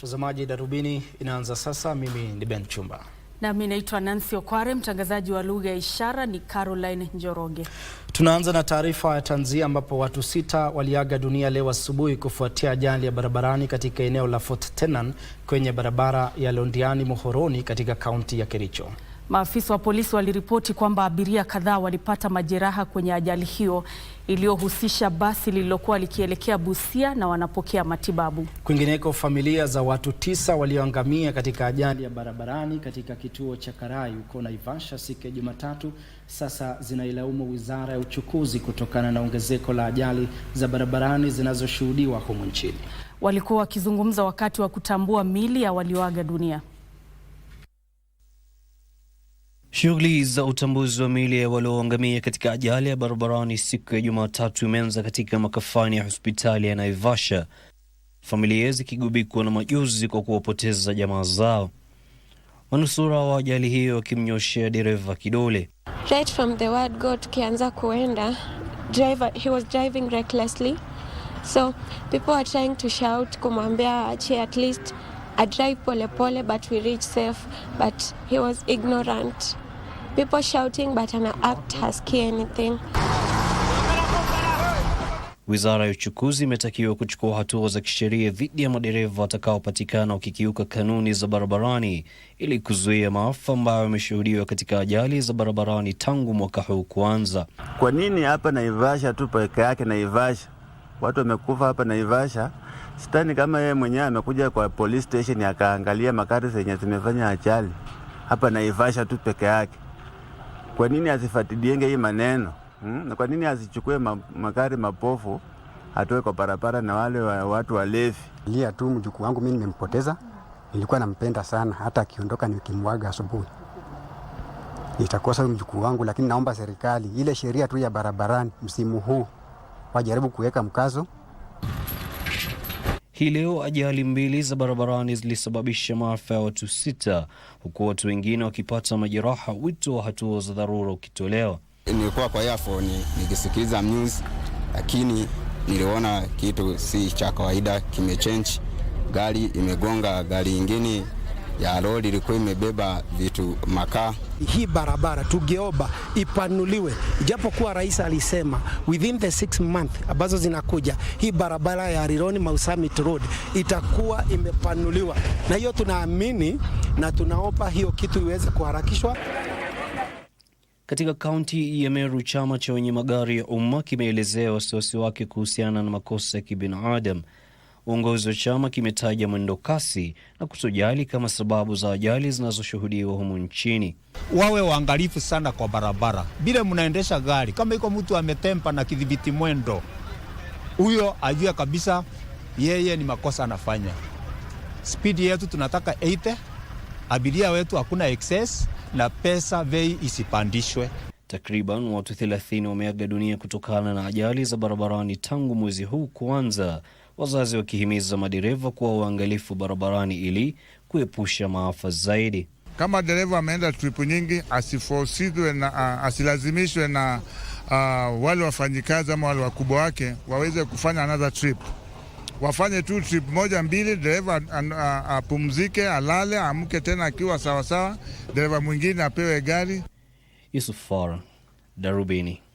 Mtazamaji, Darubini inaanza sasa. Mimi ni Ben Chumba nami naitwa Nancy Okware. Mtangazaji wa lugha ya ishara ni Caroline Njoroge. Tunaanza na taarifa ya tanzia ambapo watu sita waliaga dunia leo asubuhi kufuatia ajali ya barabarani katika eneo la Fort Tenan kwenye barabara ya Londiani Muhoroni katika kaunti ya Kericho. Maafisa wa polisi waliripoti kwamba abiria kadhaa walipata majeraha kwenye ajali hiyo iliyohusisha basi lililokuwa likielekea Busia na wanapokea matibabu. Kwingineko, familia za watu tisa walioangamia katika ajali ya barabarani katika kituo cha Karai huko Naivasha siku ya Jumatatu sasa zinailaumu Wizara ya Uchukuzi kutokana na ongezeko la ajali za barabarani zinazoshuhudiwa humu nchini. Walikuwa wakizungumza wakati wa kutambua mili ya walioaga dunia. Shughuli za utambuzi wa miili ya walioangamia katika ajali ya barabarani siku ya Jumatatu imeanza katika makafani ya hospitali ya Naivasha, familia zikigubikwa na majonzi kwa kuwapoteza jamaa zao, manusura wa ajali hiyo wakimnyoshea dereva kidole. Right from the word go, tukianza kuenda driver, he was driving recklessly so people are trying to shout kumwambia achie at least I drive pole pole, but we reach safe, but he was ignorant. People shouting but an act haskia anything. Wizara ya uchukuzi imetakiwa kuchukua hatua za kisheria dhidi ya madereva watakaopatikana wakikiuka kanuni za barabarani ili kuzuia maafa ambayo yameshuhudiwa katika ajali za barabarani tangu mwaka huu kuanza. Kwa nini hapa Naivasha tu peke yake? Naivasha watu wamekufa hapa Naivasha Sitani kama yeye mwenyewe amekuja kwa police station akaangalia magari zenye zimefanya ajali hapa Naivasha tu peke yake. Kwa nini asifuatilienge hii maneno hmm? Kwa nini asichukue ma, magari mapofu atoe kwa barabara na wale wa, watu walevi? Lia tu mjukuu wangu mimi nimempoteza, nilikuwa nampenda sana, hata akiondoka nikimwaga asubuhi nitakosa mjukuu wangu, lakini naomba serikali ile sheria tu ya barabarani msimu huu wajaribu kuweka mkazo hii leo ajali mbili za barabarani zilisababisha maafa ya watu sita, huku watu wengine wakipata majeraha, wito wa hatua za dharura ukitolewa. Nilikuwa kwa earphone nikisikiliza news, lakini niliona kitu si cha kawaida kimechange, gari imegonga gari ingine ya lori ilikuwa imebeba vitu makaa. Hii barabara Tugeoba ipanuliwe, ijapokuwa rais alisema within the six month ambazo zinakuja, hii barabara ya Rironi Mausamit Road itakuwa imepanuliwa, na hiyo tunaamini na tunaomba hiyo kitu iweze kuharakishwa. Katika kaunti ya Meru, chama cha wenye magari ya umma kimeelezea wasiwasi wake kuhusiana na makosa ya kibinadamu Uongozi wa chama kimetaja mwendo kasi na kutojali kama sababu za ajali zinazoshuhudiwa humu nchini. Wawe waangalifu sana kwa barabara, bila mnaendesha gari, kama iko mtu ametempa na kidhibiti mwendo, huyo ajue kabisa yeye ni makosa anafanya. Spidi yetu tunataka 80, abiria wetu hakuna excess na pesa vei isipandishwe. Takriban watu 30 wameaga dunia kutokana na ajali za barabarani tangu mwezi huu kuanza wazazi wakihimiza madereva kuwa uangalifu barabarani ili kuepusha maafa zaidi. Kama dereva ameenda tripu nyingi, asifosidwe na asilazimishwe na uh, wale wafanyikazi ama wale wakubwa wake waweze kufanya another trip. Wafanye tu trip moja mbili, dereva apumzike, alale, amke tena akiwa sawasawa, dereva mwingine apewe gari. Yusuf Fara, Darubini.